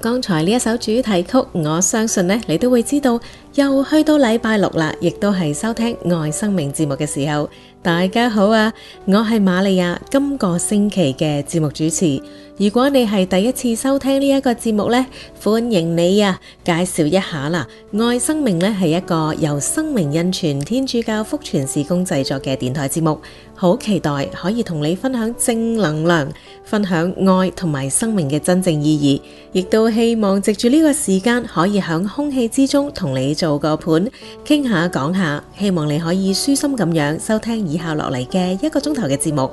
剛才呢一首主題曲，我相信呢你都會知道，又去到禮拜六啦，亦都係收聽愛生命節目嘅時候。大家好啊，我係瑪利亞，今個星期嘅節目主持。如果你係第一次收聽呢一個節目咧，歡迎你啊，介紹一下啦。愛生命咧係一個由生命印傳天主教福傳事工製作嘅電台節目，好期待可以同你分享正能量，分享愛同埋生命嘅真正意義，亦都希望藉住呢個時間可以響空氣之中同你做個伴，傾下講下，希望你可以舒心咁樣收聽。以下落嚟嘅一個鐘頭嘅節目，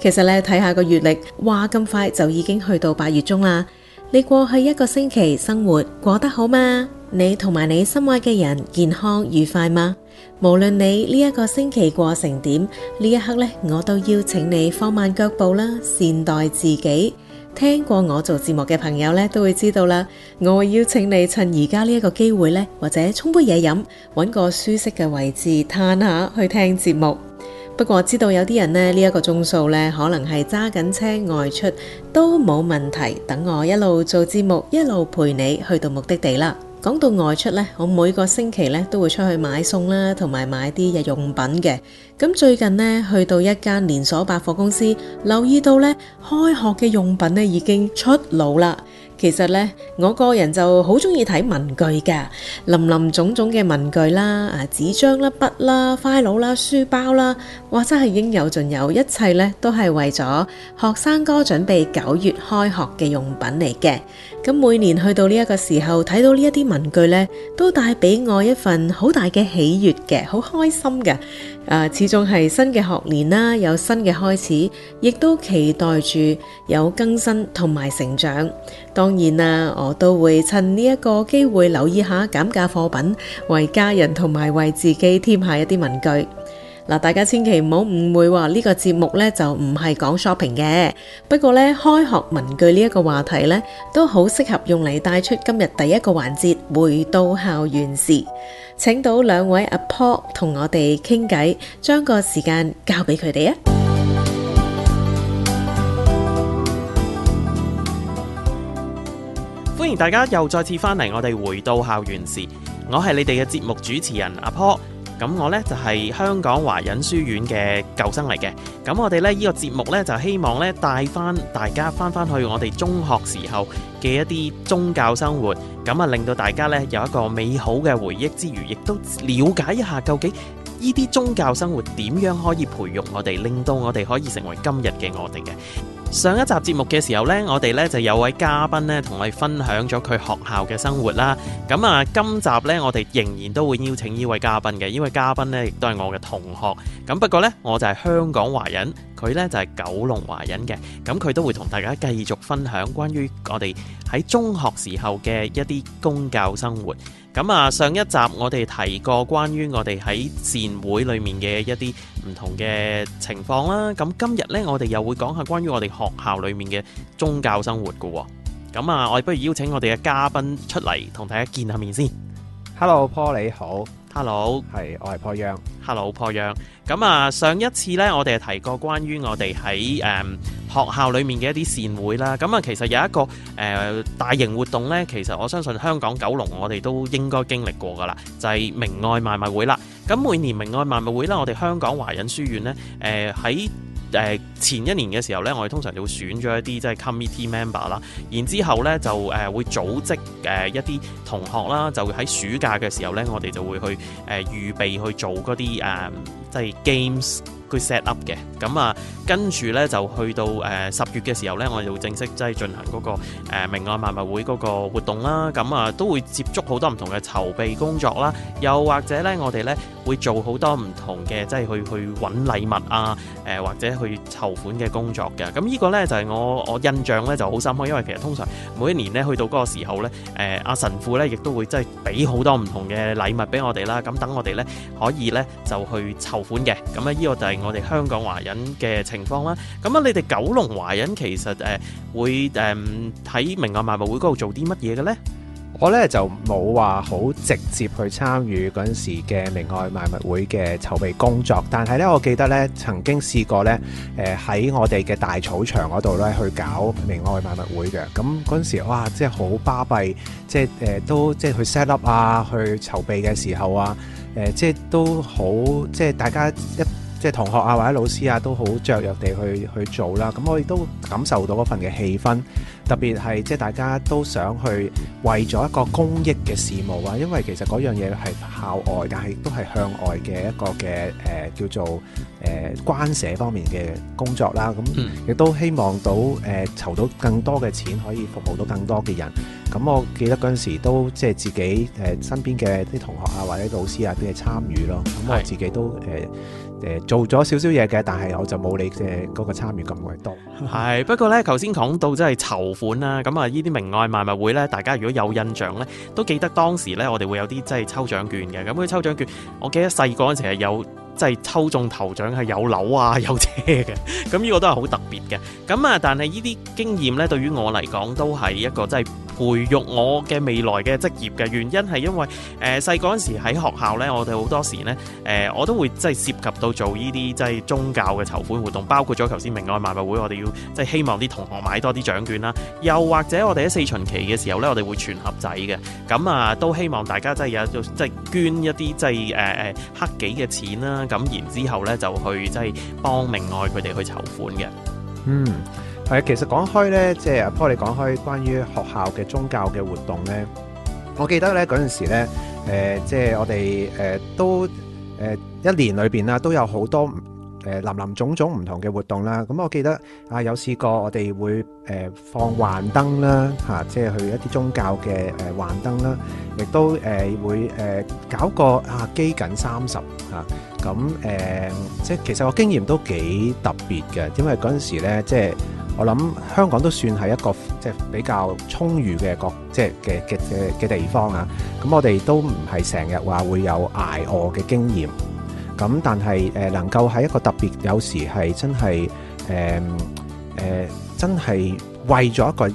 其實你睇下個月曆，哇咁快就已經去到八月中啦。你過去一個星期生活過得好嗎？你同埋你心愛嘅人健康愉快嗎？無論你呢一個星期過成點，呢一刻呢，我都邀請你放慢腳步啦，善待自己。聽過我做節目嘅朋友呢，都會知道啦。我會邀請你趁而家呢一個機會呢，或者沖杯嘢飲，搵個舒適嘅位置，嘆下去聽節目。不過知道有啲人呢，呢、這、一個鐘數呢，可能係揸緊車外出都冇問題。等我一路做節目，一路陪你去到目的地啦。講到外出呢，我每個星期呢，都會出去買餸啦，同埋買啲日用品嘅。咁最近呢，去到一間連鎖百貨公司，留意到呢，開學嘅用品呢已經出腦啦。其實咧，我個人就好中意睇文具㗎，林林種種嘅文具啦，啊，紙張啦、筆啦、快勞啦、書包啦，哇，真係應有盡有，一切咧都係為咗學生哥準備九月開學嘅用品嚟嘅。咁每年去到呢一個時候，睇到呢一啲文具呢，都帶俾我一份好大嘅喜悅嘅，好開心嘅。啊、呃，始終係新嘅學年啦，有新嘅開始，亦都期待住有更新同埋成長。當然啦，我都會趁呢一個機會留意下減價貨品，為家人同埋為自己添一下一啲文具。嗱，大家千祈唔好誤會話呢、這個節目呢就唔係講 shopping 嘅。不過呢，開學文具呢一個話題呢都好適合用嚟帶出今日第一個環節。回到校園時，請到兩位阿婆同我哋傾偈，將個時間交俾佢哋啊！歡迎大家又再次翻嚟，我哋回到校園時，我係你哋嘅節目主持人阿婆。咁我呢，就係、是、香港華仁書院嘅舊生嚟嘅，咁我哋呢，呢、這個節目呢，就希望呢帶翻大家翻翻去我哋中學時候嘅一啲宗教生活，咁啊，令到大家呢有一個美好嘅回憶之餘，亦都了解一下究竟呢啲宗教生活點樣可以培育我哋，令到我哋可以成為今日嘅我哋嘅。上一集節目嘅時候呢，我哋呢就有位嘉賓呢同我哋分享咗佢學校嘅生活啦。咁啊，今集呢，我哋仍然都會邀請呢位嘉賓嘅，呢位嘉賓呢亦都係我嘅同學。咁不過呢，我就係香港華人，佢呢就係九龍華人嘅。咁佢都會同大家繼續分享關於我哋喺中學時候嘅一啲公教生活。咁啊，上一集我哋提過關於我哋喺善會裏面嘅一啲唔同嘅情況啦。咁今日呢，我哋又會講下關於我哋學校裏面嘅宗教生活嘅。咁啊，我哋不如邀請我哋嘅嘉賓出嚟同大家見下面先。Hello，Paul，你好。Hello，係我係破殃。Hello，破殃。咁啊，上一次呢，我哋提過關於我哋喺誒學校裏面嘅一啲善會啦。咁啊，其實有一個誒、呃、大型活動呢，其實我相信香港九龍我哋都應該經歷過噶啦，就係、是、明愛賣物會啦。咁每年明愛賣物會呢，我哋香港華人書院呢，誒、呃、喺。誒、呃、前一年嘅時候咧，我哋通常就會選咗一啲即係 committee member 啦，然之後呢就誒、呃、會組織誒、呃、一啲同學啦，就喺暑假嘅時候呢，我哋就會去誒預、呃、備去做嗰啲誒即係 games 去 set up 嘅。咁啊、嗯，跟住咧就去到誒十、呃、月嘅時候咧，我哋會正式即係進行嗰、那個誒、呃、明愛賣物會嗰個活動啦。咁、嗯、啊，都會接觸好多唔同嘅籌備工作啦，又或者咧，我哋咧會做好多唔同嘅即係去去揾禮物啊，誒、呃、或者去籌款嘅工作嘅。咁、嗯這個、呢個咧就係、是、我我印象咧就好深刻，因為其實通常每一年咧去到個時候咧，誒、呃、阿神父咧亦都會即係俾好多唔同嘅禮物俾我哋啦。咁、嗯、等我哋咧可以咧就去籌款嘅。咁啊呢個就係我哋香港話嘅情況啦，咁啊，你哋九龍華人其實誒、呃、會誒喺、呃、明愛賣物會嗰度做啲乜嘢嘅呢？我呢就冇話好直接去參與嗰陣時嘅明愛賣物會嘅籌備工作，但係呢，我記得呢曾經試過呢誒喺、呃、我哋嘅大草場嗰度呢去搞明愛賣物會嘅，咁嗰陣時哇，即係好巴閉，即係都、呃、即係去 set up 啊，去籌備嘅時候啊，誒、呃、即係都好即係大家一，即係同學啊，或者老師啊，都好雀力雀躍地去去做啦。咁我亦都感受到嗰份嘅氣氛，特別係即係大家都想去為咗一個公益嘅事務啊。因為其實嗰樣嘢係校外，但係都係向外嘅一個嘅誒、呃、叫做誒、呃、關社方面嘅工作啦。咁亦都希望到誒、呃、籌到更多嘅錢，可以服務到更多嘅人。咁我記得嗰陣時都即係自己誒身邊嘅啲同學啊，或者老師啊，都係參與咯。咁我自己都誒。呃做咗少少嘢嘅，但係我就冇你嘅嗰個參與咁鬼多。係 不過呢，頭先講到即係籌款啦，咁啊呢啲名外賣物會呢，大家如果有印象呢，都記得當時呢，我哋會有啲即係抽獎券嘅。咁佢抽獎券，我記得細個嗰陣時係有即係、就是、抽中頭獎係有樓啊，有車嘅。咁呢個都係好特別嘅。咁啊，但係呢啲經驗呢，對於我嚟講都係一個真係，培育我嘅未來嘅職業嘅原因係因為誒細個嗰時喺學校呢，我哋好多時呢，誒、呃、我都會即係涉及到做呢啲即係宗教嘅籌款活動，包括咗頭先明愛賣物會，我哋要即係、就是、希望啲同學買多啲獎券啦，又或者我哋喺四旬期嘅時候呢，我哋會存盒仔嘅，咁啊都希望大家即係有即係、就是、捐一啲即係誒誒黑幾嘅錢啦，咁然之後呢就去即係幫明愛佢哋去籌款嘅，嗯。係，其實講開咧，即係阿 Po 你講開關於學校嘅宗教嘅活動咧，我記得咧嗰陣時咧，誒，即係我哋誒都誒一年裏邊啦，都有好多誒林林種種唔同嘅活動啦。咁我記得啊，有試過我哋會誒放幻燈啦，嚇，即係去一啲宗教嘅誒幻燈啦，亦都誒會誒搞個啊基緊三十嚇，咁誒即係其實我經驗都幾特別嘅，因為嗰陣時咧即係。我諗香港都算係一個即係比較充裕嘅國，即係嘅嘅嘅嘅地方啊。咁我哋都唔係成日話會有挨餓嘅經驗。咁但係誒能夠喺一個特別，有時係真係誒誒真係為咗一個誒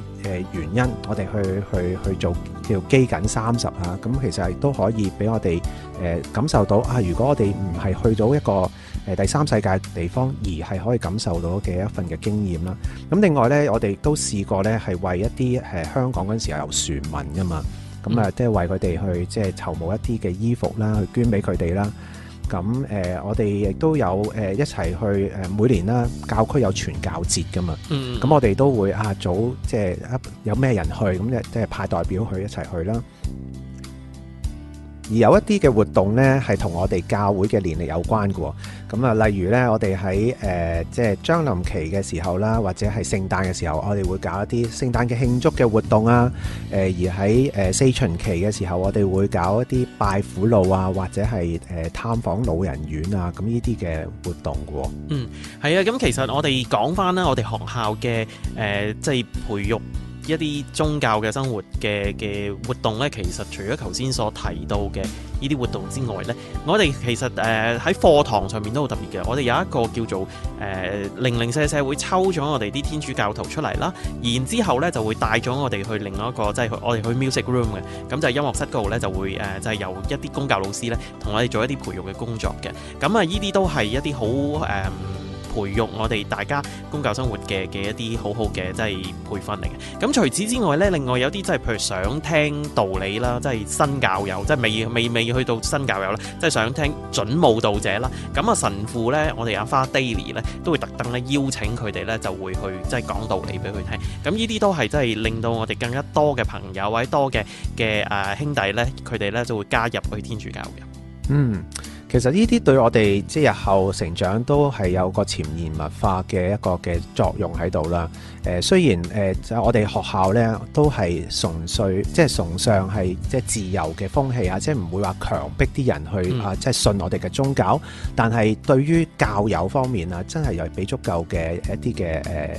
原因，我哋去去去做叫做饑饉三十啊。咁其實係都可以俾我哋誒感受到啊。如果我哋唔係去到一個誒第三世界地方而係可以感受到嘅一份嘅經驗啦。咁另外呢，我哋都試過呢係為一啲誒、呃、香港嗰陣時候有船民噶嘛，咁啊、嗯呃、即係為佢哋去即係籌募一啲嘅衣服啦，去捐俾佢哋啦。咁誒、呃，我哋亦都有誒、呃、一齊去誒每年啦，教區有傳教節噶嘛。咁、嗯、我哋都會啊早即係有咩人去，咁咧即係派代表去一齊去啦。有一啲嘅活動呢，係同我哋教會嘅年齡有關嘅喎。咁、嗯、啊，例如呢，我哋喺誒即係將臨期嘅時候啦，或者係聖誕嘅時候，我哋會搞一啲聖誕嘅慶祝嘅活動啊。誒、呃，而喺誒、呃、四旬期嘅時候，我哋會搞一啲拜苦路啊，或者係誒、呃、探訪老人院啊，咁呢啲嘅活動嘅。嗯，係啊。咁其實我哋講翻呢，我哋學校嘅誒即係培育。一啲宗教嘅生活嘅嘅活動呢，其實除咗頭先所提到嘅呢啲活動之外呢，我哋其實誒喺、呃、課堂上面都好特別嘅。我哋有一個叫做誒、呃、零零四細會抽咗我哋啲天主教徒出嚟啦，然之後呢，就會帶咗我哋去另外一個即係、就是、我哋去 Music Room 嘅，咁就係音樂室度呢，就會誒即係由一啲公教老師呢，同我哋做一啲培育嘅工作嘅。咁啊，呢、呃、啲都係一啲好誒。呃培育我哋大家公教生活嘅嘅一啲好好嘅，即係培訓嚟嘅。咁除此之外呢，另外有啲即係譬如想聽道理啦，即係新教友，即係未未未去到新教友啦，即係想聽準慕道者啦。咁啊神父呢，我哋阿花 daily 咧都會特登咧邀請佢哋呢就會去即係講道理俾佢聽。咁呢啲都係真係令到我哋更加多嘅朋友或者多嘅嘅啊兄弟呢，佢哋呢就會加入去天主教嘅。嗯。其實呢啲對我哋即日後成長都係有個潛移默化嘅一個嘅作用喺度啦。誒雖然誒就、呃、我哋學校咧都係純粹，即係崇尚係即係自由嘅風氣、嗯、啊，即係唔會話強迫啲人去嚇即係信我哋嘅宗教，但係對於教友方面啊，真係又係俾足夠嘅一啲嘅誒誒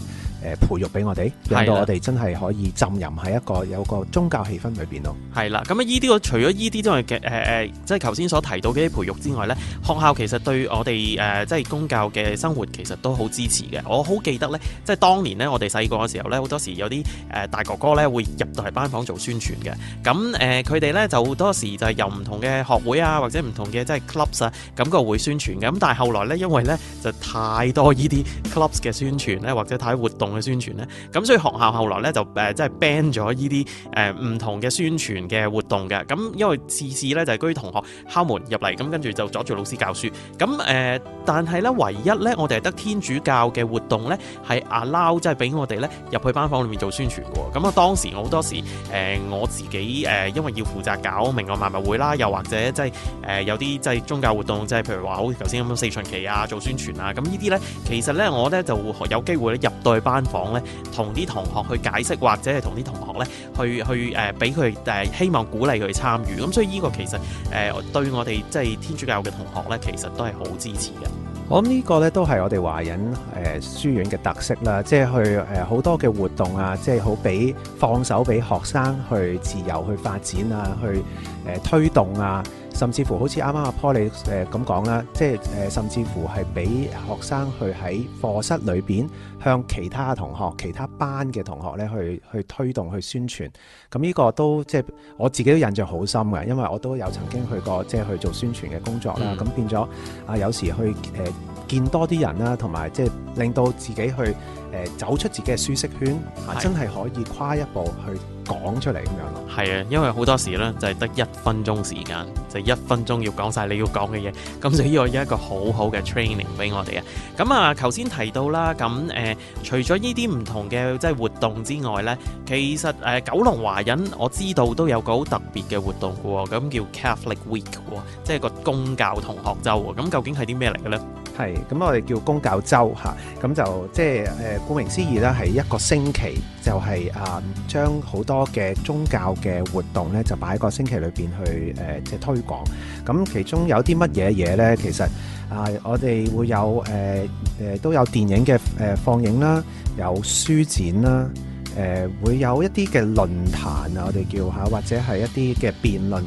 培育俾我哋，令到我哋真係可以浸淫喺一個有一個宗教氣氛裏邊咯。係啦，咁啊依啲我除咗依啲之外嘅誒誒，即係頭先所提到嘅啲培育之外咧，學校其實對我哋誒、呃、即係公教嘅生活其實都好支持嘅。我好記得咧，即係當年咧我哋。細個嘅時候咧，好多時有啲誒、呃、大哥哥咧會入到嚟班房做宣傳嘅。咁誒，佢哋咧就好多時就係由唔同嘅學會啊，或者唔同嘅即係 clubs 啊，咁個會宣傳嘅。咁但係後來咧，因為咧就太多呢啲 clubs 嘅宣傳咧，或者太多活動嘅宣傳咧，咁所以學校後來咧就誒即係 ban 咗呢啲誒唔同嘅宣傳嘅活動嘅。咁因為次次咧就係、是、居同學敲門入嚟，咁跟住就阻住老師教書。咁誒、呃，但係咧唯一咧我哋係得天主教嘅活動咧係 allow，即係俾我。我哋咧入去班房裏面做宣傳嘅，咁、嗯、啊當時我好多時誒、呃、我自己誒、呃，因為要負責搞明愛賣物會啦，又或者、呃、即係誒有啲即係宗教活動，即係譬如話好似頭先咁樣四旬期啊做宣傳啊，咁、嗯、呢啲咧其實咧我咧就有機會咧入到去班房咧，同啲同學去解釋，或者係同啲同學咧去去誒俾佢誒希望鼓勵佢參與，咁、嗯、所以呢個其實誒、呃、對我哋即係天主教嘅同學咧，其實都係好支持嘅。我諗呢個咧都係我哋華人誒、呃、書院嘅特色啦，即係去誒好、呃、多嘅活動啊，即係好俾放手俾學生去自由去發展啊，去誒、呃、推動啊。甚至乎好似啱啱阿 Paulie 咁講啦，即係誒甚至乎係俾學生去喺課室裏邊向其他同學、其他班嘅同學咧去去推動去宣傳，咁呢個都即係、就是、我自己都印象好深嘅，因為我都有曾經去過即係、就是、去做宣傳嘅工作啦，咁、嗯、變咗啊有時去誒見多啲人啦，同埋即係令到自己去誒走出自己嘅舒適圈，嗯、真係可以跨一步去。講出嚟咁樣咯，係啊，因為好多時咧就係、是、得一分鐘時間，就是、一分鐘要講晒你要講嘅嘢，咁所以我有一個好好嘅 training 俾我哋啊。咁啊，頭先提到啦，咁誒、呃，除咗呢啲唔同嘅即係活動之外呢，其實誒、呃、九龍華人我知道都有個好特別嘅活動嘅喎，咁叫 Catholic Week 喎，即係個公教同學週喎，咁究竟係啲咩嚟嘅呢？係，咁我哋叫公教周。嚇、啊，咁就即係誒，呃、顧名思義啦，係一個星期，就係、是、啊，將好多嘅宗教嘅活動咧，就擺喺個星期裏邊去誒、呃，即係推廣。咁其中有啲乜嘢嘢咧？其實啊，我哋會有誒誒、呃，都有電影嘅誒放映啦，有書展啦，誒、呃、會有一啲嘅論壇啊，我哋叫嚇，或者係一啲嘅辯論。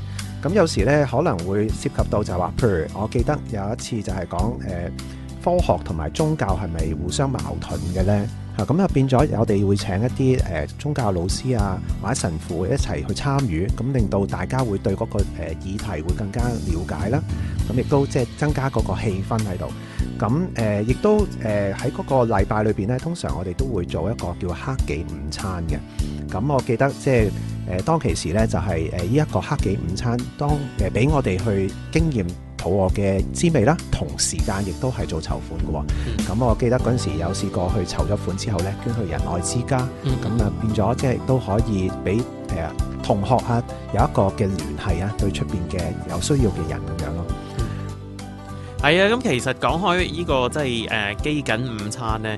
咁有時咧可能會涉及到就話，譬如我記得有一次就係講誒、呃、科學同埋宗教係咪互相矛盾嘅咧？嚇咁就變咗我哋會請一啲誒、呃、宗教老師啊，或者神父一齊去參與，咁、嗯、令到大家會對嗰個誒議題會更加了解啦。咁、嗯、亦都即係增加嗰個氣氛喺度。咁誒亦都誒喺嗰個禮拜裏邊咧，通常我哋都會做一個叫黑記午餐嘅。咁、嗯、我記得即、就、係、是。誒當其時咧，就係誒呢一個黑記午餐，當誒俾我哋去經驗肚餓嘅滋味啦。同時間亦都係做籌款嘅喎。咁、嗯、我記得嗰陣時有試過去籌咗款之後咧，捐去仁愛之家。咁啊變咗即係都可以俾誒同學啊有一個嘅聯繫啊，對出邊嘅有需要嘅人咁樣咯。係啊，咁其實講開呢、呢個即係誒、啊、饑饉午餐咧。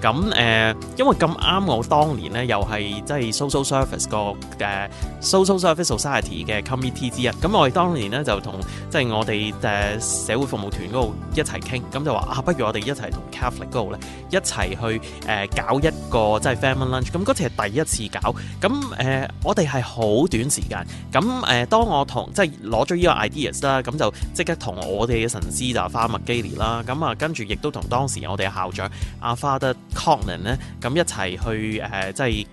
咁誒、呃，因為咁啱，我當年咧又係即係 social service 個誒 social service society 嘅 committee 之一。咁我哋當年呢，就同即係、so so、我哋誒社會服務團嗰度一齊傾，咁就話啊，不如我哋一齊同 Catholic 嗰度呢，一齊去誒、呃、搞一個即係 family lunch。咁嗰次係第一次搞，咁誒、呃、我哋係好短時間。咁誒、呃，當我同即係攞咗呢個 ideas 啦，咁就即刻同我哋嘅神師就花麥基尼啦。咁啊，跟住亦都同當時我哋校長阿花德。確認咧，咁、嗯、一齊去誒、呃，即係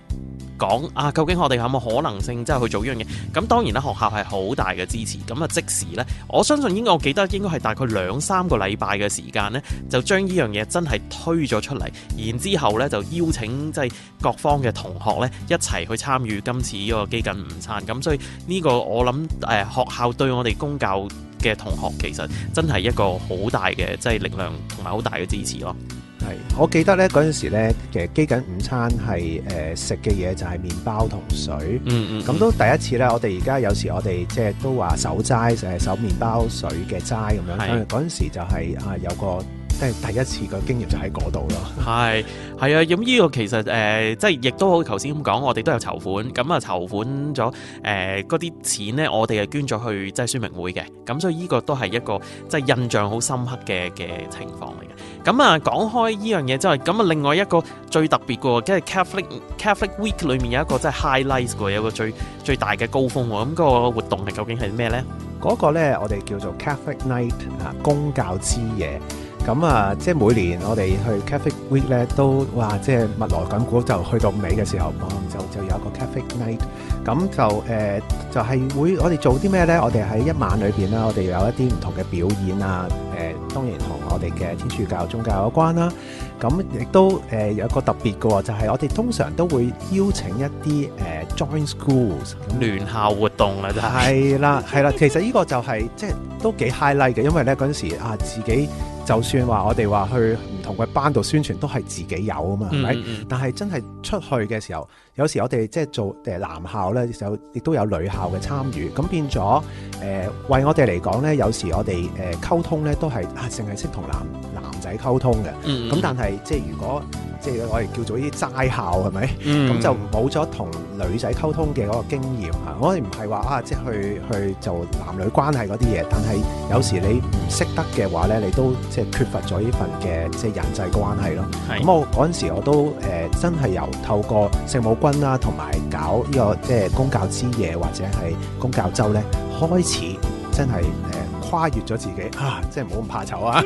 講啊，究竟我哋有冇可能性即係去做依樣嘢？咁、啊、當然啦，學校係好大嘅支持。咁啊，即時呢，我相信應該，我記得應該係大概兩三個禮拜嘅時間呢，就將依樣嘢真係推咗出嚟。然之後呢，就邀請即係、就是、各方嘅同學呢，一齊去參與今次呢個基金午餐。咁、啊、所以呢個我諗誒、呃，學校對我哋公教嘅同學其實真係一個好大嘅即係力量同埋好大嘅支持咯。我記得咧嗰陣時咧，其實基緊午餐係誒食嘅嘢就係麵包同水，咁、嗯嗯嗯、都第一次咧。我哋而家有時我哋即係都話守齋誒守麵包水嘅齋，咁樣，嗰陣是時就係、是、啊、呃、有個。即係第一次個經驗就喺嗰度咯，係係啊，咁呢個其實誒、呃，即係亦都好似頭先咁講，我哋都有籌款，咁、嗯、啊籌款咗誒嗰啲錢咧，我哋係捐咗去即係宣明會嘅，咁、嗯、所以呢個都係一個即係印象好深刻嘅嘅情況嚟嘅。咁、嗯、啊講開呢樣嘢之後，咁啊另外一個最特別嘅喎，即係 Catholic Catholic Week 裏面有一個即係 Highlights 喎，有個最最大嘅高峰喎，咁、嗯、嗰、嗰個活動係究竟係咩咧？嗰個咧我哋叫做 Catholic Night 啊，公教之夜。咁啊，即係每年我哋去 Cafe Week 咧，都話即係物來滾古就去到尾嘅時候，就就有一個 Cafe Night。咁就誒，就係、是、會我哋做啲咩咧？我哋喺一晚裏邊啦，我哋有一啲唔同嘅表演啊。誒，當然同我哋嘅天主教宗教有關啦。咁亦都誒有一個特別嘅，就係、是、我哋通常都會邀請一啲誒、uh, join schools 聯校活動啦。就係啦，係啦， 其實呢個就係、是、即係都幾 highlight 嘅，因為呢嗰陣時啊自己就算話我哋話去。同佢班度宣傳都係自己有啊嘛，係咪？嗯嗯。但係真係出去嘅時候，有時我哋即係做誒男校咧，有亦都有女校嘅參與，咁變咗誒、呃、為我哋嚟講咧，有時我哋誒、呃、溝通咧都係啊，淨係識同男。喺溝通嘅，咁、mm hmm. 但係即係如果即係我哋叫做啲齋校係咪？咁、mm hmm. 就冇咗同女仔溝通嘅嗰個經驗啊！我哋唔係話啊，即係去去做男女關係嗰啲嘢，但係有時你唔識得嘅話咧，你都即係缺乏咗呢份嘅即係人際關係咯。咁、mm hmm. 我嗰陣時我都誒、呃、真係由透過聖母軍啦、啊，同埋搞呢、呢個即係、呃、公教之夜或者係公教周咧，開始真係誒。呃跨越咗自己啊， 啊、， 嗯、啊！即係唔好咁怕醜啊！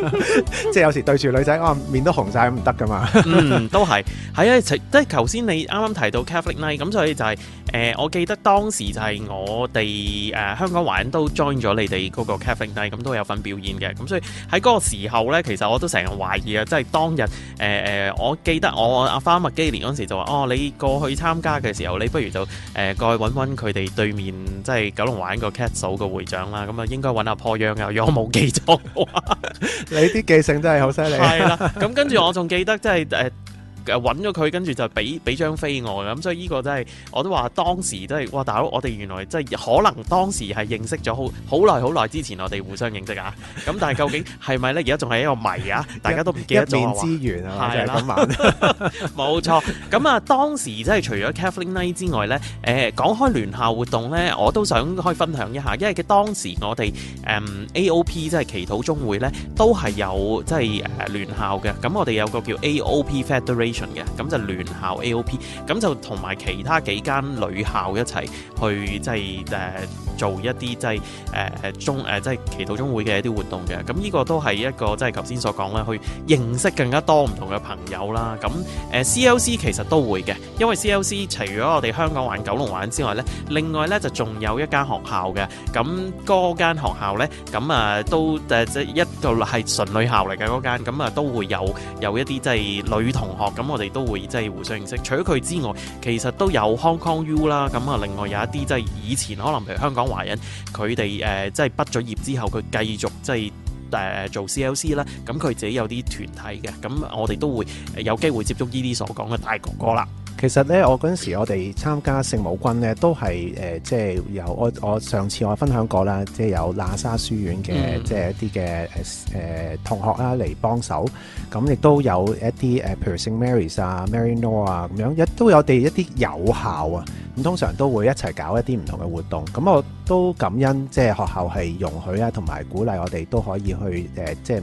即係有時對住女仔，啊面都紅晒唔得噶嘛。都係，係啊，即係頭先你啱啱提到 Catholic Night，咁所以就係、是、誒、呃，我記得當時就係我哋誒、呃、香港華人都 join 咗你哋、嗰個 Catholic Night，咁都有份表演嘅。咁所以喺個時候咧，其實我都成日懷疑啊，即係當日誒誒、呃，我記得我阿花麥基連陣時就話哦，你過去參加嘅時候，你不如就誒、呃、過去搵搵佢哋對面即係九龍華人個 Castle 個會長啦。咁啊，應該搵阿仲有，如果我冇記錯嘅話。 你啲記性真係好犀利。係啦， 咁跟住我仲記得，即係誒。呃誒揾咗佢，跟住就俾俾張飛我嘅，咁、嗯、所以呢個真係我都話當時真係哇大佬，我哋原來真係可能當時係認識咗好好耐好耐之前，我哋互相認識啊。咁、嗯、但係究竟係咪呢？而家仲係一個謎啊！大家都唔記得咗啊，一面之緣說的啊，就係咁玩。冇 錯，咁啊當時真係除咗 Catherine 之外呢，誒、呃、講開聯校活動呢，我都想可以分享一下，因為佢當時我哋誒、嗯、AOP 即係祈禱中會呢，都係有即係誒、呃、聯校嘅。咁我哋有個叫 AOP Federation。嘅，咁就聯校 AOP，咁就同埋其他幾間女校一齊去，即係誒、呃做一啲、呃呃、即係誒誒中誒即係祈禱中會嘅一啲活動嘅，咁呢個都係一個即係頭先所講啦，去認識更加多唔同嘅朋友啦。咁誒、呃、C.L.C. 其實都會嘅，因為 C.L.C. 除咗我哋香港玩、九龍玩之外咧，另外咧就仲有一間學校嘅。咁嗰間學校咧，咁啊都誒、呃、即係一個係純女校嚟嘅嗰間，咁、那、啊、個、都會有有一啲即係女同學，咁我哋都會即係互相認識，除咗佢之外，其實都有 Hong Kong U 啦。咁啊，另外有一啲即係以前可能譬如香港。華人佢哋誒即係畢咗業之後，佢繼續即係誒做 C.L.C. 啦。咁佢自己有啲團體嘅，咁我哋都會有機會接觸呢啲所講嘅大哥哥啦。其實咧，我嗰陣時我哋參加聖母軍咧，都係誒、呃、即係有我我上次我分享過啦，即係有喇沙書院嘅、嗯、即係一啲嘅誒同學啊嚟幫手。咁亦都有一啲誒，譬如聖 Mary 啊、Maryno 啊咁樣，亦都有哋一啲友校啊。咁通常都會一齊搞一啲唔同嘅活動。咁我。都感恩，即係學校係容許啊，同埋鼓勵我哋都可以去，誒、呃，即係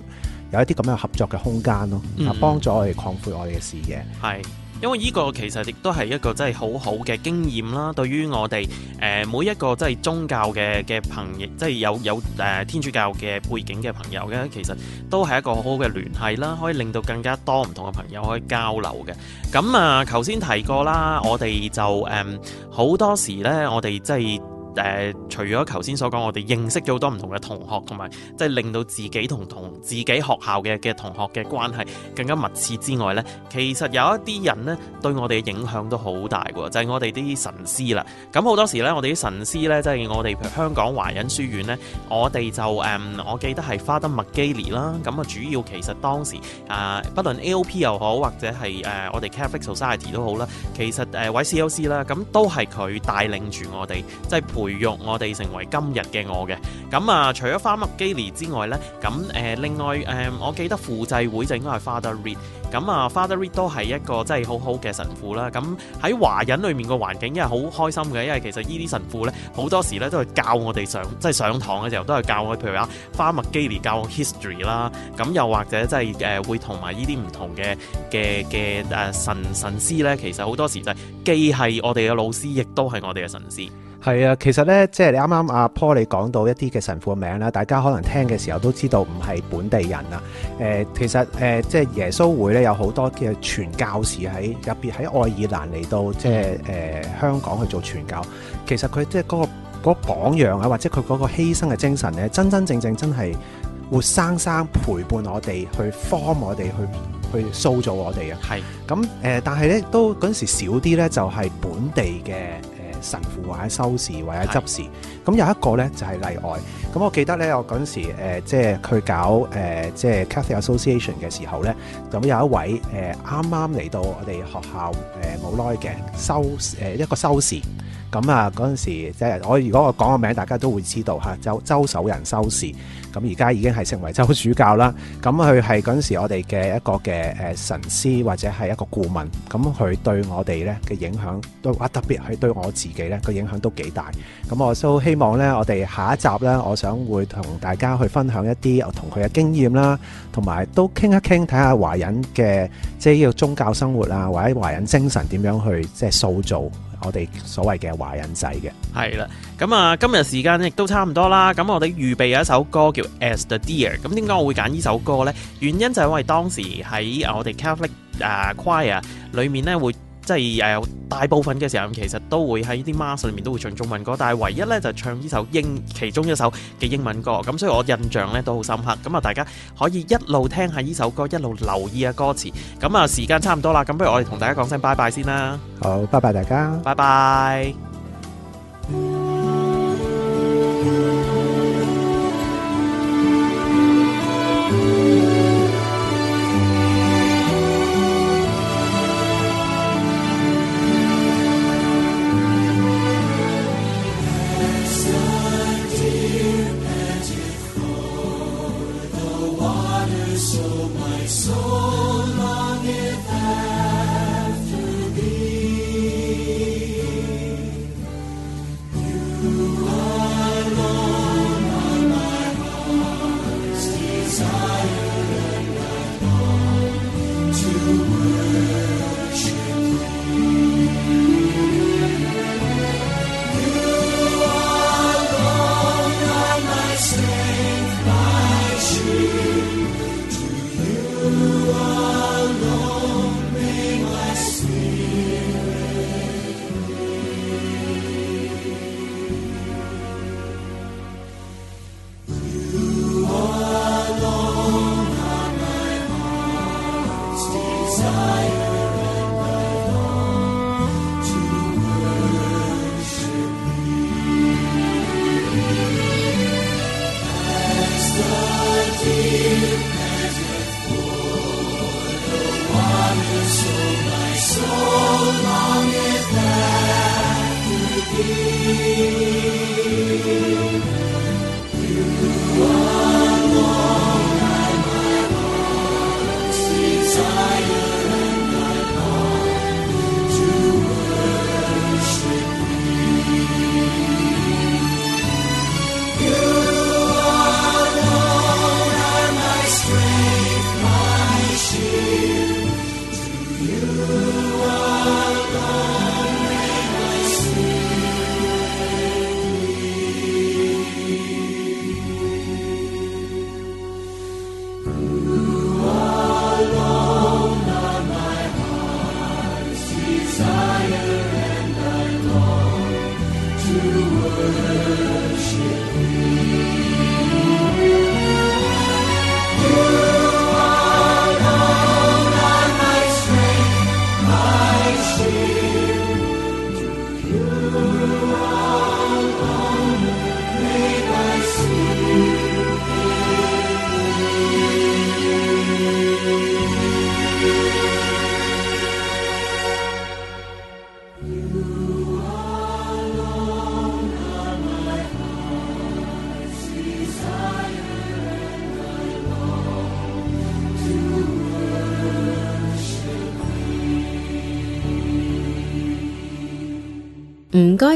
有一啲咁樣合作嘅空間咯，啊、嗯，幫助我哋擴闊我哋嘅視野。係，因為呢個其實亦都係一個真係好好嘅經驗啦。對於我哋誒、呃、每一個即係宗教嘅嘅朋友，即係有有誒、呃、天主教嘅背景嘅朋友嘅，其實都係一個好好嘅聯繫啦，可以令到更加多唔同嘅朋友可以交流嘅。咁啊，頭先提過啦，我哋就誒好、嗯、多時咧，我哋即係。誒、呃、除咗頭先所講，我哋認識咗好多唔同嘅同學，同埋即係令到自己同同自己學校嘅嘅同學嘅關係更加密切之外呢，其實有一啲人呢對我哋嘅影響都好大嘅，就係、是、我哋啲神師啦。咁好多時呢，我哋啲神師呢，即係我哋譬如香港華仁書院呢，我哋就誒、嗯，我記得係花德麥基尼啦。咁、嗯、啊，主要其實當時啊，不論 AOP 又好，或者係誒、啊、我哋 Catholic Society 都好啦，其實誒、呃、位 COC 啦、啊，咁、嗯、都係佢帶領住我哋，即係。即培育我哋成為今日嘅我嘅。咁啊，除咗花麥基尼之外呢，咁誒、呃，另外誒、呃，我記得副祭會就應該係 Father Reed。咁啊，Father Reed 都係一個真係好好嘅神父啦。咁喺華人裏面個環境，因為好開心嘅，因為其實呢啲神父呢，好多時呢都係教我哋上即係上堂嘅時候都係教我。譬如話花麥基尼教我 history 啦，咁又或者即係誒會同埋呢啲唔同嘅嘅嘅誒神神師咧，其實好多時就係既係我哋嘅老師，亦都係我哋嘅神師。係啊，其實呢，即係你啱啱阿 Paul，你講到一啲嘅神父嘅名啦，大家可能聽嘅時候都知道唔係本地人啊。誒、呃，其實誒、呃，即係耶穌會呢，有好多嘅傳教士喺入邊喺愛爾蘭嚟到即係誒、呃、香港去做傳教。其實佢即係嗰、那個嗰、那個、榜樣啊，或者佢嗰個犧牲嘅精神呢，真真正正真係活生生陪伴我哋去 form 我哋去去塑造我哋啊。係咁誒，但係呢，都嗰陣時少啲呢，就係本地嘅。神父或者修士或者執事。咁是的 有一個呢，就係、是、例外。咁我記得呢，我嗰陣時、呃、即係佢搞誒、呃、即係 Catholic Association 嘅時候呢，咁有一位誒啱啱嚟到我哋學校誒冇耐嘅修誒、呃、一個修士。咁啊，嗰陣時即係我如果我講個名，大家都會知道嚇。周周守仁修士，咁而家已經係成為周主教啦。咁佢係嗰陣時我哋嘅一個嘅誒神師或者係一個顧問，咁佢對我哋呢嘅影響，對啊特別係對我自己呢個影響都幾大。咁我亦都希望呢，我哋下一集呢，我想會同大家去分享一啲我同佢嘅經驗啦，同埋都傾一傾，睇下華人嘅即係呢個宗教生活啊，或者華人精神點樣去即係塑造。我哋所謂嘅華人仔嘅，係啦，咁啊今日時間亦都差唔多啦，咁我哋預備有一首歌叫《As the Deer》，咁點解我會揀呢首歌呢？原因就係因為當時喺我哋 Catholic、啊、Choir 裏面咧會。即係誒，大部分嘅時候其實都會喺啲 mass 裏面都會唱中文歌，但係唯一呢就唱呢首英其中一首嘅英文歌，咁所以我印象呢都好深刻。咁啊，大家可以一路聽下呢首歌，一路留意下歌詞。咁啊，時間差唔多啦，咁不如我哋同大家講聲拜拜先啦。好，拜拜大家，拜拜。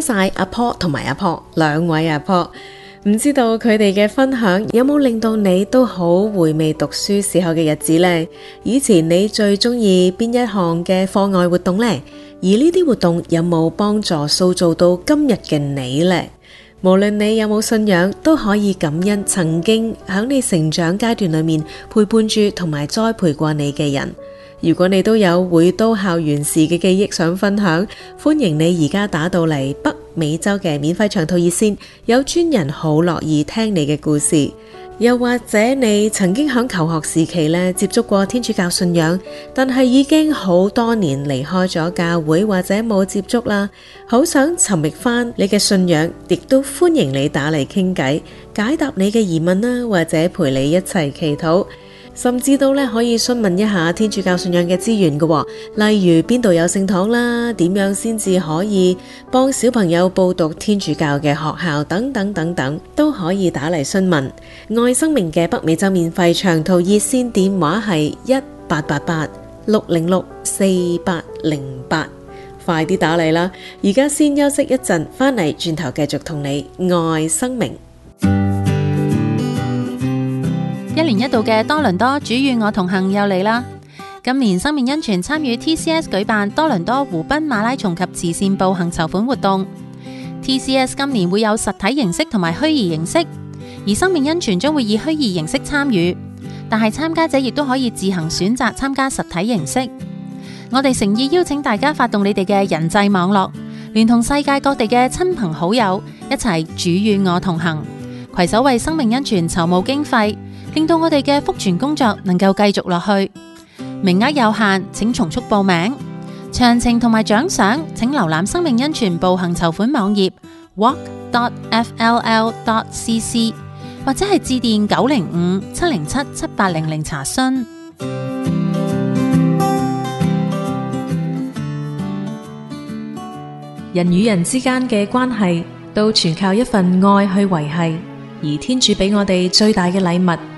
晒阿婆同埋阿婆兩位阿婆，唔知道佢哋嘅分享有冇令到你都好回味讀書時候嘅日子咧？以前你最中意邊一項嘅課外活動咧？而呢啲活動有冇幫助塑造到今日嘅你咧？無論你有冇信仰，都可以感恩曾經響你成長階段裏面陪伴住同埋栽培過你嘅人。如果你都有會都校園時嘅記憶想分享，歡迎你而家打到嚟北美洲嘅免費長途熱線，有專人好樂意聽你嘅故事。又或者你曾經響求學時期咧接觸過天主教信仰，但係已經好多年離開咗教會或者冇接觸啦，好想尋覓翻你嘅信仰，亦都歡迎你打嚟傾偈，解答你嘅疑問啦，或者陪你一齊祈禱。甚至到咧可以詢問一下天主教信仰嘅資源嘅，例如邊度有聖堂啦，點樣先至可以幫小朋友報讀天主教嘅學校等等等等，都可以打嚟詢問。愛生命嘅北美洲免費長途熱線電話係一八八八六零六四八零八，快啲打嚟啦！而家先休息一陣，翻嚟轉頭繼續同你愛生命。一年一度嘅多倫多主與我同行又嚟啦。今年生命恩泉參與 TCS 舉辦多倫多湖濱馬拉松及慈善步行籌款活動。TCS 今年會有實體形式同埋虛擬形式，而生命恩泉將會以虛擬形式參與，但係參加者亦都可以自行選擇參加實體形式。我哋誠意邀請大家發動你哋嘅人際網絡，聯同世界各地嘅親朋好友一齊主與我同行，攜手為生命恩泉籌募經費。令到我哋嘅福傳工作能夠繼續落去，名額有限，請從速報名。詳情同埋獎賞，請瀏覽生命恩泉步行籌款網頁 walk.dot.fll.dot.cc，或者係致電九零五七零七七八零零查詢。人與人之間嘅關係，都全靠一份愛去維繫，而天主俾我哋最大嘅禮物。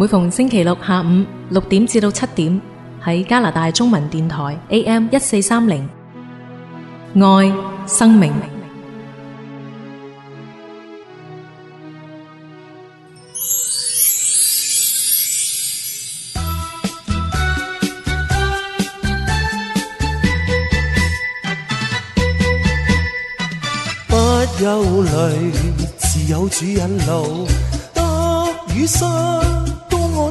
每逢星期六下午六點至到七點，喺加拿大中文電台 AM 一四三零，愛生命。不憂慮，自有主引路，得與失。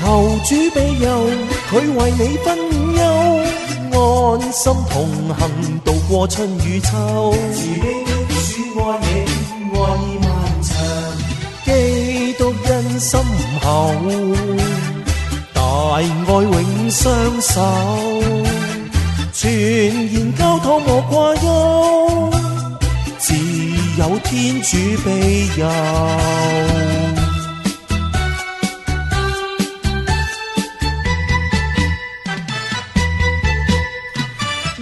求主庇佑，佢為你分憂，安心同行，渡過春與秋。慈悲的主愛你，愛意漫長，基督恩深厚，大愛永相守，全然交託我掛憂，自有天主庇佑。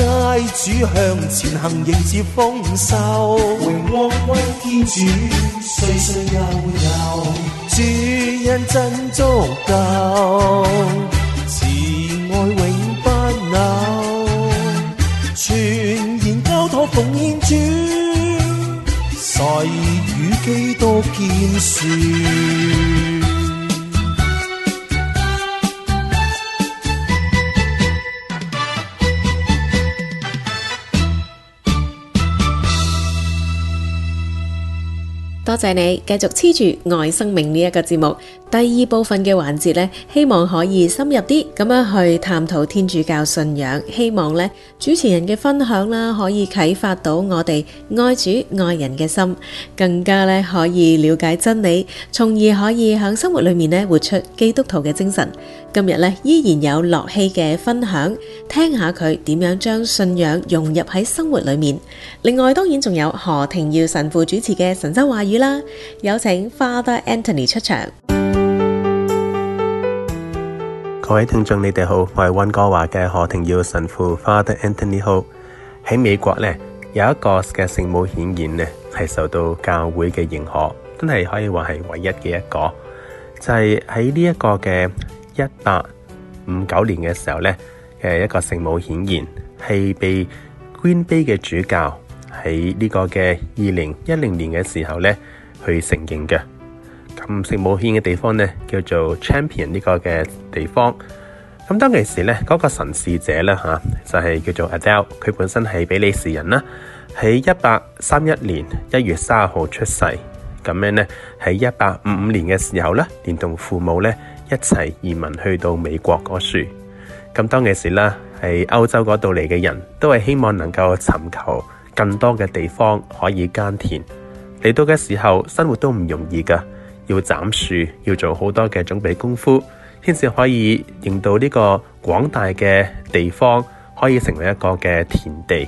街主向前行，迎接豐收。榮光歸天主，歲歲悠悠。主恩真足夠，慈愛永不朽。全然交託奉獻主，誓與基督見樹。多謝你繼續黐住《愛生命》呢一個節目。第二部分嘅環節咧，希望可以深入啲咁樣去探討天主教信仰。希望咧主持人嘅分享啦，可以啟發到我哋愛主愛人嘅心，更加咧可以了解真理，從而可以喺生活裏面咧活出基督徒嘅精神。今日咧依然有樂器嘅分享，聽下佢點樣將信仰融入喺生活裏面。另外，當然仲有何庭耀神父主持嘅神修話語啦，有請 Father Anthony 出場。各位聽眾，你哋好，我係溫哥華嘅何庭耀神父，Father Anthony Ho。好，喺美國咧有一個嘅聖母顯現咧係受到教會嘅認可，真係可以話係唯一嘅一個，就係喺呢一個嘅一八五九年嘅時候咧嘅一個聖母顯現係被 Green Bay 嘅主教喺呢個嘅二零一零年嘅時候咧去承認嘅。咁食冇險嘅地方呢，叫做 Champion 呢個嘅地方。咁當其時呢，嗰、那個神事者咧吓、啊，就係、是、叫做 Adel。e 佢本身係比利時人啦，喺一八三一年一月三十號出世。咁樣呢，喺一八五五年嘅時候呢，連同父母呢一齊移民去到美國嗰處。咁當其時啦，喺歐洲嗰度嚟嘅人都係希望能夠尋求更多嘅地方可以耕田嚟到嘅時候，生活都唔容易噶。要斬樹，要做好多嘅準備功夫，先至可以令到呢個廣大嘅地方可以成為一個嘅田地。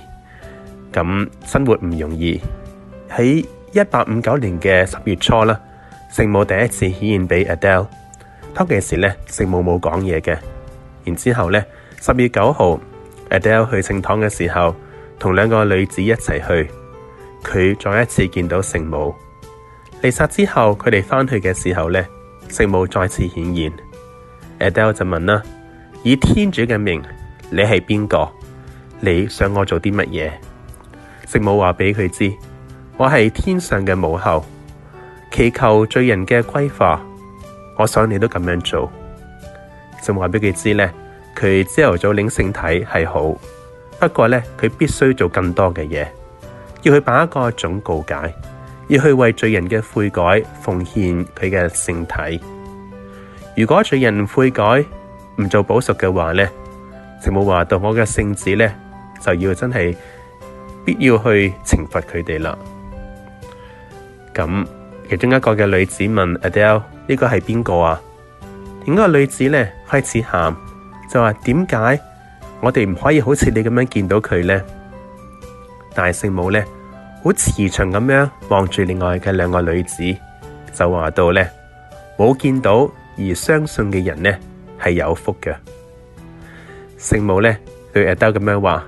咁生活唔容易。喺一八五九年嘅十月初啦，聖母第一次顯現俾 Adele。當其時咧，聖母冇講嘢嘅。然之後咧，十月九號，Adele 去聖堂嘅時候，同兩個女子一齊去，佢再一次見到聖母。離殺之後，佢哋翻去嘅時候咧，聖母再次顯現。Adel 就問啦：以天主嘅名，你係邊個？你想我做啲乜嘢？聖母話俾佢知：我係天上嘅母后，祈求罪人嘅歸化。我想你都咁樣做。聖母話俾佢知咧，佢朝頭早領聖體係好，不過咧，佢必須做更多嘅嘢，要佢辦一個總告解。要去為罪人嘅悔改奉獻佢嘅聖體。如果罪人唔悔改、唔做補贖嘅話呢，聖母話到我嘅聖子呢，就要真係必要去懲罰佢哋啦。咁其中一個嘅女子問 Adele：呢個係邊個啊？而、這、嗰個女子呢，開始喊，就話點解我哋唔可以好似你咁樣見到佢咧？但聖母呢。好慈祥咁樣望住另外嘅兩個女子，就話到咧，冇見到而相信嘅人咧係有福嘅。聖母咧對 Adele 咁樣話：，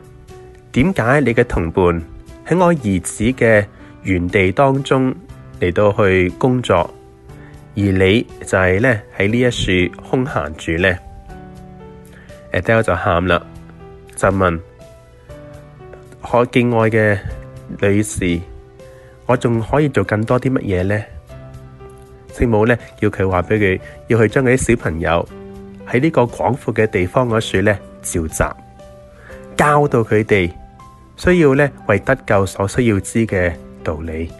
點解你嘅同伴喺我兒子嘅園地當中嚟到去工作，而你就係咧喺呢一樹空閒住咧？Adele 就喊啦，就問：，我敬愛嘅。女士，我仲可以做更多啲乜嘢呢？聖母咧要佢話俾佢，要去將嗰啲小朋友喺呢個廣闊嘅地方嗰處咧召集，教導佢哋需要咧為得救所需要知嘅道理。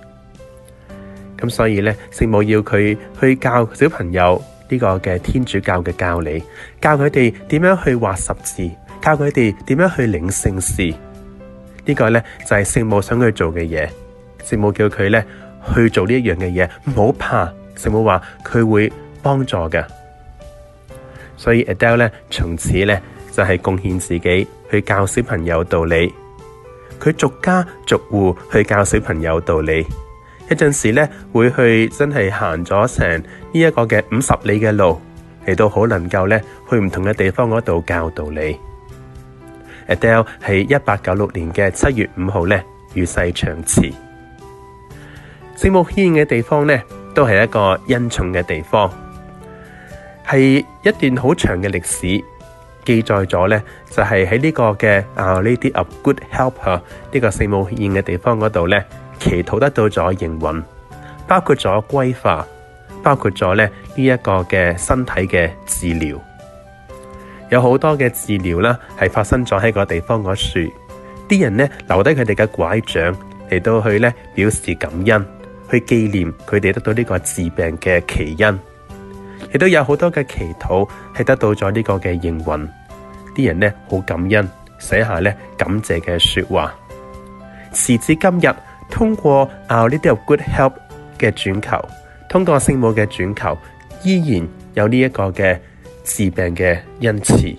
咁所以咧，聖母要佢去教小朋友呢，這個嘅天主教嘅教理，教佢哋點樣去畫十字，教佢哋點樣去領聖事。個呢個咧就係、是、聖母想佢做嘅嘢，聖母叫佢咧去做呢一樣嘅嘢，唔好怕，聖母話佢會幫助㗎。所以 Adele 咧從此咧就係、是、貢獻自己去教小朋友道理，佢逐家逐戶去教小朋友道理，一陣時咧會去真係行咗成呢一個嘅五十里嘅路嚟到，好能夠咧去唔同嘅地方嗰度教道理。a 阿黛爾喺一八九六年嘅七月五號咧，與世長辭。聖母顯現嘅地方咧，都係一個恩寵嘅地方，係一段好長嘅歷史記載咗呢就係喺呢個嘅啊呢啲啊 Good Helper 呢個聖母顯現嘅地方嗰度呢祈禱得到咗應允，包括咗歸化，包括咗咧呢一，這個嘅身體嘅治療。有好多嘅治療啦，係發生咗喺個地方嗰樹，啲人呢，留低佢哋嘅拐杖，嚟到去呢表示感恩，去紀念佢哋得到呢個治病嘅奇因。亦都有好多嘅祈禱係得到咗呢個嘅應允，啲人呢，好感恩，寫下呢感謝嘅說話。時至今日，通過 Our Lady of good help 嘅轉求，通過聖母嘅轉求，依然有呢一個嘅。治病嘅恩賜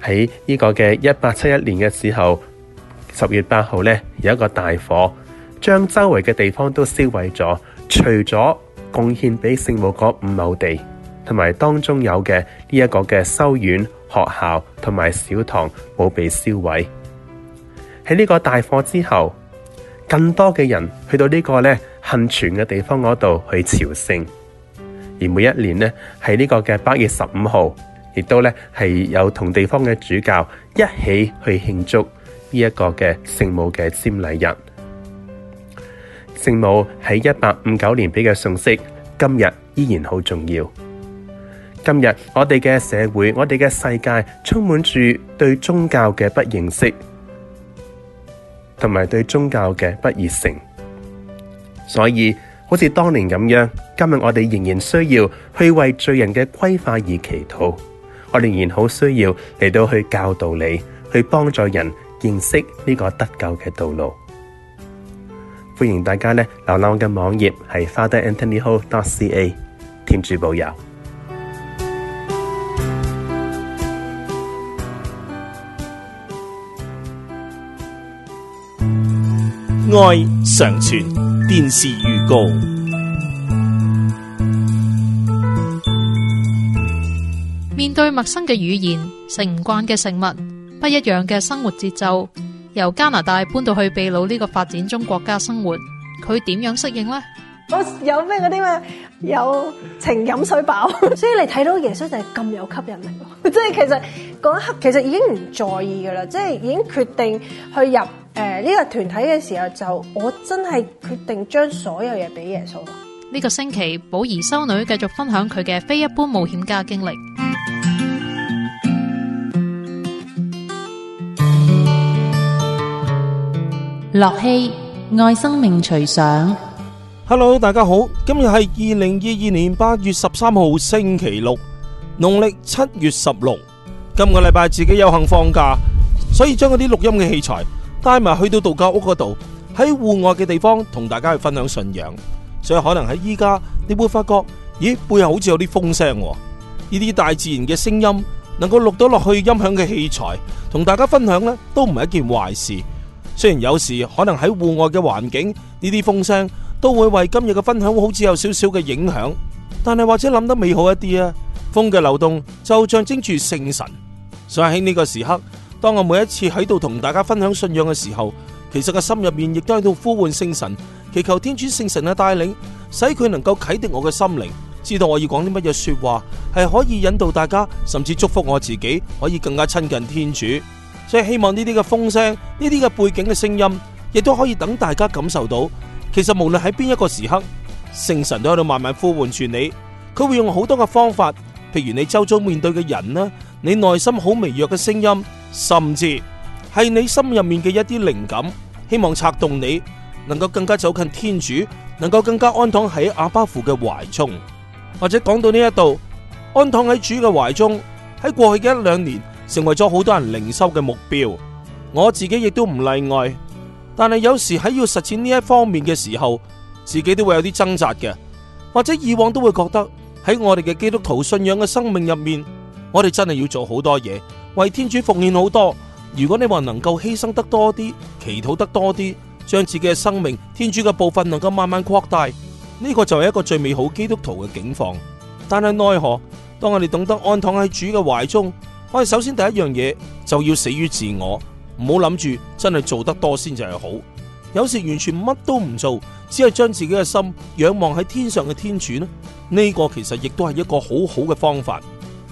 喺呢個嘅一八七一年嘅時候，十月八號呢，有一個大火將周圍嘅地方都燒毀咗，除咗貢獻俾聖母嗰五畝地，同埋當中有嘅呢一個嘅修院、學校同埋小堂冇被燒毀。喺呢個大火之後，更多嘅人去到呢個呢幸存嘅地方嗰度去朝聖。而每一年呢，喺呢個嘅八月十五號，亦都咧係有同地方嘅主教一起去慶祝呢一個嘅聖母嘅瞻禮日。聖母喺一八五九年俾嘅訊息，今日依然好重要。今日我哋嘅社會，我哋嘅世界充滿住對宗教嘅不認識，同埋對宗教嘅不熱誠，所以。好似當年咁樣，今日我哋仍然需要去為罪人嘅歸化而祈禱，我哋仍然好需要嚟到去教導你，去幫助人認識呢個得救嘅道路。歡迎大家呢瀏覽我嘅網頁，係 fatheranthonyho.ca，天主保佑。愛常傳電視預告。面對陌生嘅語言、食唔慣嘅食物、不一樣嘅生活節奏，由加拿大搬到去秘魯呢個發展中國家生活，佢點樣適應呢？我有咩嗰啲咩有情飲水飽， 所以你睇到耶穌就係咁有吸引力，即 係其實嗰一刻其實已經唔在意噶啦，即係已經決定去入誒呢、呃呢個團體嘅時候，就我真係決定將所有嘢俾耶穌。呢個星期寶兒修女繼續分享佢嘅非一般冒險家經歷。樂器愛生命隨想。hello，大家好，今日係二零二二年八月十三號星期六，農曆七月十六。今個禮拜自己有幸放假，所以將嗰啲錄音嘅器材帶埋去到度假屋嗰度，喺戶外嘅地方同大家去分享信仰。所以可能喺依家，你會發覺，咦，背後好似有啲風聲。呢啲大自然嘅聲音能夠錄到落去音響嘅器材，同大家分享呢都唔係一件壞事。雖然有時可能喺戶外嘅環境呢啲風聲。都會為今日嘅分享好似有少少嘅影響，但係或者諗得美好一啲啊。風嘅流動就象徵住聖神，所以喺呢個時刻，當我每一次喺度同大家分享信仰嘅時候，其實個心入面亦都喺度呼喚聖神，祈求天主聖神嘅帶領，使佢能夠啟迪我嘅心靈，知道我要講啲乜嘢說話係可以引導大家，甚至祝福我自己，可以更加親近天主。所以希望呢啲嘅風聲、呢啲嘅背景嘅聲音，亦都可以等大家感受到。其實無論喺邊一個時刻，聖神都喺度慢慢呼喚住你，佢會用好多嘅方法，譬如你周遭面對嘅人啦，你內心好微弱嘅聲音，甚至係你心入面嘅一啲靈感，希望策動你，能夠更加走近天主，能夠更加安躺喺阿爸父嘅懷中。或者講到呢一度，安躺喺主嘅懷中，喺過去嘅一兩年，成為咗好多人靈修嘅目標，我自己亦都唔例外。但係有時喺要實踐呢一方面嘅時候，自己都會有啲掙扎嘅，或者以往都會覺得喺我哋嘅基督徒信仰嘅生命入面，我哋真係要做好多嘢，為天主奉獻好多。如果你話能夠犧牲得多啲，祈禱得多啲，將自己嘅生命天主嘅部分能夠慢慢擴大，呢個就係一個最美好基督徒嘅境況。但係奈何，當我哋懂得安躺喺主嘅懷中，我哋首先第一樣嘢，就要死於自我。唔好諗住真係做得多先至係好，有時完全乜都唔做，只係將自己嘅心仰望喺天上嘅天主呢？呢、呢個其實亦都係一個好好嘅方法。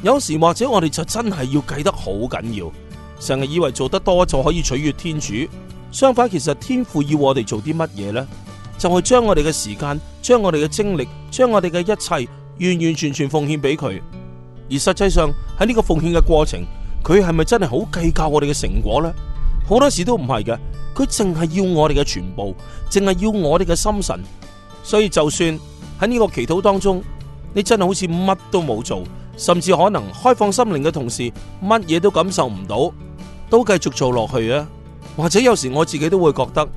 有時或者我哋就真係要計得好緊要，成日以為做得多就可以取悦天主。相反，其實天父要我哋做啲乜嘢呢？就係將我哋嘅時間、將我哋嘅精力、將我哋嘅一切完完全全奉獻俾佢。而實際上喺呢個奉獻嘅過程，佢係咪真係好計較我哋嘅成果呢？好多時都唔係嘅，佢淨係要我哋嘅全部，淨係要我哋嘅心神。所以就算喺呢個祈禱當中，你真係好似乜都冇做，甚至可能開放心靈嘅同時，乜嘢都感受唔到，都繼續做落去啊！或者有時我自己都會覺得，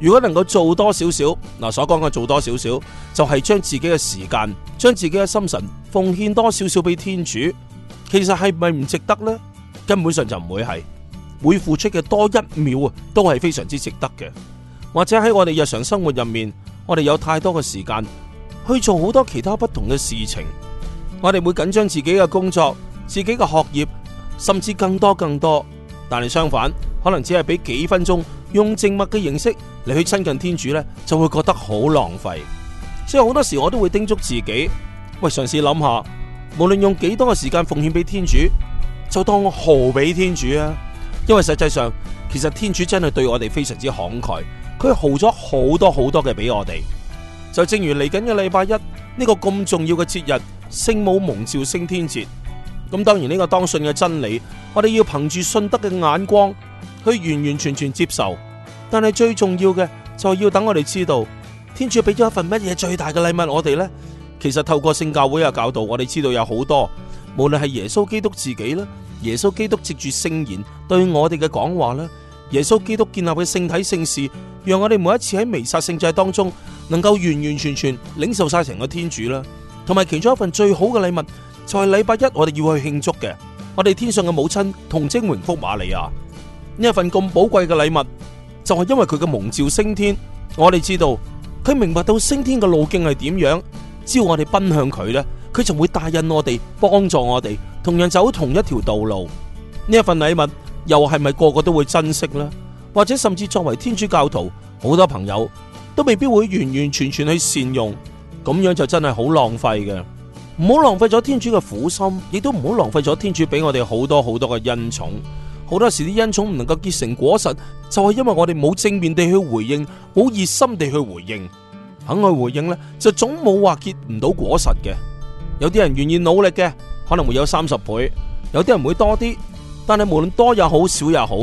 如果能夠做多少少，嗱所講嘅做多少少，就係、是、將自己嘅時間、將自己嘅心神奉獻多少少俾天主，其實係咪唔值得呢？根本上就唔會係。會付出嘅多一秒啊，都係非常之值得嘅。或者喺我哋日常生活入面，我哋有太多嘅時間去做好多其他不同嘅事情，我哋會緊張自己嘅工作、自己嘅學業，甚至更多更多。但係相反，可能只係俾幾分鐘用靜默嘅形式嚟去親近天主呢，就會覺得好浪費。所以好多時我都會叮囑自己：喂，嘗試諗下，無論用幾多嘅時間奉獻俾天主，就當我豪俾天主啊。因為實際上，其實天主真係對我哋非常之慷慨，佢豪咗好多好多嘅俾我哋。就正如嚟緊嘅禮拜一呢個咁重要嘅節日，聖母蒙召升天節，咁當然呢個當信嘅真理，我哋要憑住信德嘅眼光去完完全全接受。但係最重要嘅就係要等我哋知道天主俾咗一份乜嘢最大嘅禮物我哋呢？其實透過聖教會嘅教導，我哋知道有好多，無論係耶穌基督自己啦。耶穌基督藉住聖言對我哋嘅講話啦，耶穌基督建立嘅聖體聖事，讓我哋每一次喺彌撒聖祭當中，能夠完完全全領受晒成個天主啦，同埋其中一份最好嘅禮物，就係禮拜一我哋要去慶祝嘅，我哋天上嘅母親童貞榮福瑪利亞，呢份咁寶貴嘅禮物，就係因為佢嘅蒙召升天，我哋知道佢明白到升天嘅路徑係點樣，只要我哋奔向佢咧，佢就會帶引我哋，幫助我哋。同樣走同一條道路，呢一份禮物又係咪個個都會珍惜呢？或者甚至作為天主教徒，好多朋友都未必會完完全全去善用，咁樣就真係好浪費嘅。唔好浪費咗天主嘅苦心，亦都唔好浪費咗天主俾我哋好多好多嘅恩寵。好多時啲恩寵唔能夠結成果實，就係因為我哋冇正面地去回應，冇熱心地去回應，肯去回應呢，就總冇話結唔到果實嘅。有啲人願意努力嘅。可能會有三十倍，有啲人會多啲，但係無論多也好，少也好，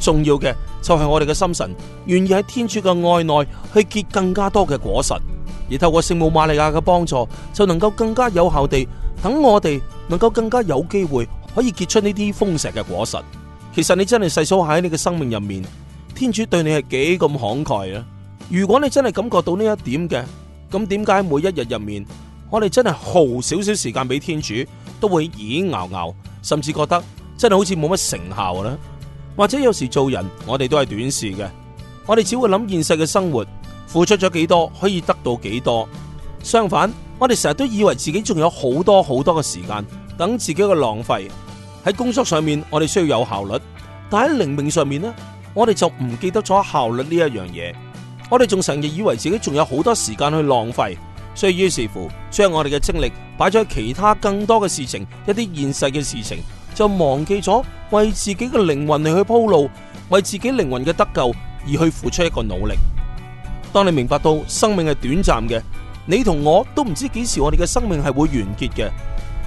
重要嘅就係我哋嘅心神願意喺天主嘅愛內去結更加多嘅果實，而透過聖母瑪利亞嘅幫助，就能夠更加有效地，等我哋能夠更加有機會可以結出呢啲豐碩嘅果實。其實你真係細數喺你嘅生命入面，天主對你係幾咁慷慨啊！如果你真係感覺到呢一點嘅，咁點解每一日入面，我哋真係耗少少時間俾天主？都會耳熬熬，甚至覺得真係好似冇乜成效啦。或者有時做人，我哋都係短視嘅，我哋只會諗現實嘅生活，付出咗幾多可以得到幾多。相反，我哋成日都以為自己仲有好多好多嘅時間等自己嘅浪費。喺工作上面，我哋需要有效率，但喺靈命上面呢，我哋就唔記得咗效率呢一樣嘢。我哋仲成日以為自己仲有好多時間去浪費。所以於是乎，將我哋嘅精力擺咗喺其他更多嘅事情，一啲現世嘅事情，就忘記咗為自己嘅靈魂嚟去鋪路，為自己靈魂嘅得救而去付出一個努力。當你明白到生命係短暫嘅，你同我都唔知幾時我哋嘅生命係會完結嘅。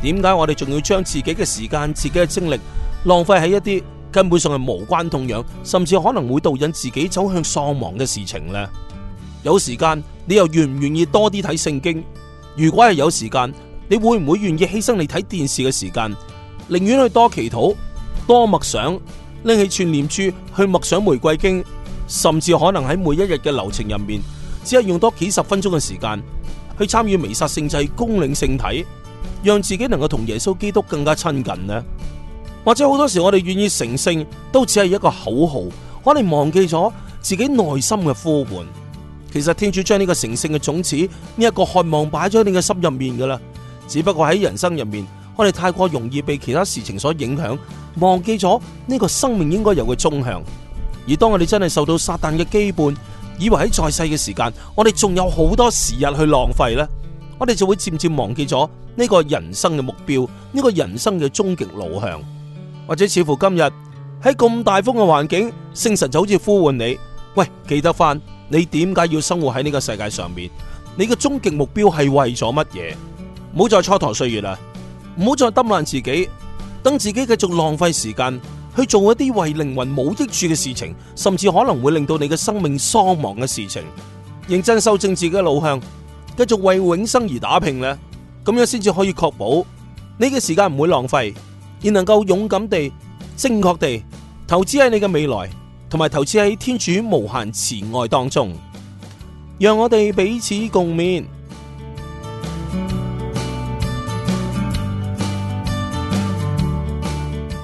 點解我哋仲要將自己嘅時間、自己嘅精力浪費喺一啲根本上係無關痛癢，甚至可能會導引自己走向喪亡嘅事情呢？有時間，你又願唔願意多啲睇聖經？如果係有時間，你會唔會願意犧牲你睇電視嘅時間，寧願去多祈禱、多默想，拎起串念珠去默想玫瑰經，甚至可能喺每一日嘅流程入面，只係用多幾十分鐘嘅時間去參與彌撒聖祭，恭領聖體，讓自己能夠同耶穌基督更加親近呢？或者好多時我哋願意成聖，都只係一個口號，我哋忘記咗自己內心嘅呼喚。其實天主將呢個成聖嘅種子，呢一個渴望擺咗喺你嘅心入面㗎喇。只不過喺人生入面，我哋太過容易被其他事情所影響，忘記咗呢個生命應該有嘅終向。而當我哋真係受到撒旦嘅羈絆，以為喺在世嘅時間，我哋仲有好多時日去浪費呢，我哋就會漸漸忘記咗呢個人生嘅目標，呢個人生嘅終極路向。或者似乎今日喺咁大風嘅環境，聖神就好似呼喚你，喂，記得返。你點解要生活喺呢個世界上面？你嘅終極目標係為咗乜嘢？唔好再蹉跎歲月啦，唔好再抌爛自己，等自己繼續浪費時間去做一啲為靈魂冇益處嘅事情，甚至可能會令到你嘅生命喪亡嘅事情。認真修正自己嘅路向，繼續為永生而打拼呢，咁樣先至可以確保你嘅時間唔會浪費，而能夠勇敢地、正確地投資喺你嘅未來。同埋投資喺天主無限慈愛當中，讓我哋彼此共勉。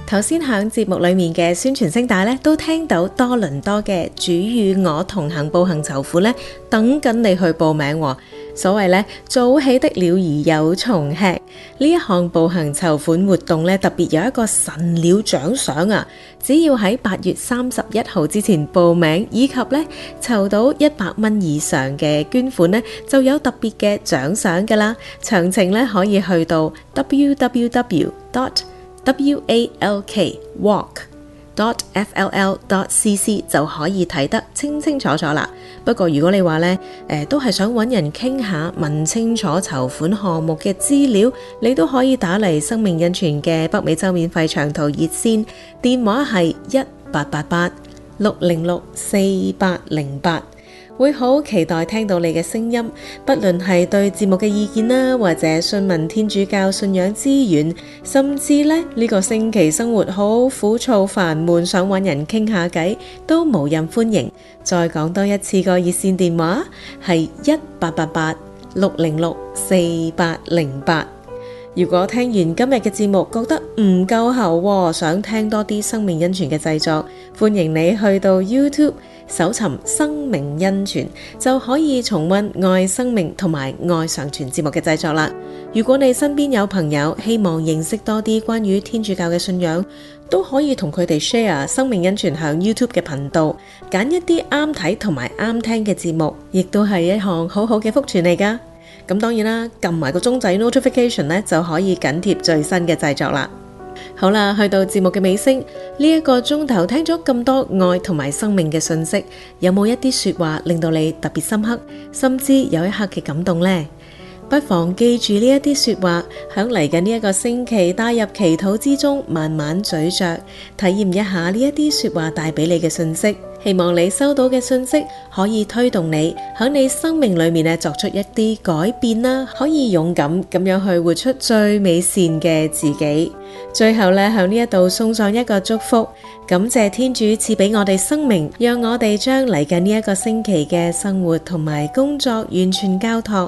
頭先響節目裏面嘅宣傳聲帶咧，都聽到多倫多嘅主與我同行步行仇苦咧，等緊你去報名。所謂咧，早起的鳥兒有蟲吃，呢一項步行籌款活動咧，特別有一個神鳥獎賞啊！只要喺八月三十一號之前報名，以及咧籌到一百蚊以上嘅捐款咧，就有特別嘅獎賞㗎啦。詳情咧，可以去到 www dot walk walk, walk.。f l l dot c c 就可以睇得清清楚楚啦。不過如果你話咧，誒、呃、都係想揾人傾下，問清楚籌款項目嘅資料，你都可以打嚟生命印存嘅北美洲免費長途熱線，電話係一八八八六零六四八零八。會好期待聽到你嘅聲音，不論係對節目嘅意見啦，或者詢問天主教信仰資源，甚至咧呢、這個星期生活好苦燥煩，煩悶，想搵人傾下偈都無任歡迎。再講多一次，個熱線電話係一八八八六零六四八零八。如果聽完今日嘅節目覺得唔夠喉，想聽多啲生命恩泉嘅製作，歡迎你去到 YouTube。搜尋生命恩泉就可以重温愛生命同埋愛常傳節目嘅製作啦。如果你身邊有朋友希望認識多啲關於天主教嘅信仰，都可以同佢哋 share 生命恩泉響 YouTube 嘅頻道，揀一啲啱睇同埋啱聽嘅節目，亦都係一項好好嘅福傳嚟噶。咁當然啦，撳埋個鐘仔 notification 咧就可以緊貼最新嘅製作啦。好啦，去到節目嘅尾聲，呢一個鐘頭聽咗咁多愛同埋生命嘅信息，有冇一啲說話令到你特別深刻，甚至有一刻嘅感動呢？不妨記住呢一啲說話，響嚟緊呢一個星期帶入祈禱之中，慢慢咀嚼，體驗一下呢一啲說話帶俾你嘅信息。希望你收到嘅信息可以推動你響你生命裏面咧作出一啲改變啦，可以勇敢咁樣去活出最美善嘅自己。最後咧，響呢一度送上一個祝福，感謝天主賜俾我哋生命，讓我哋將嚟緊呢一個星期嘅生活同埋工作完全交託。